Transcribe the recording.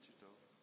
Wichita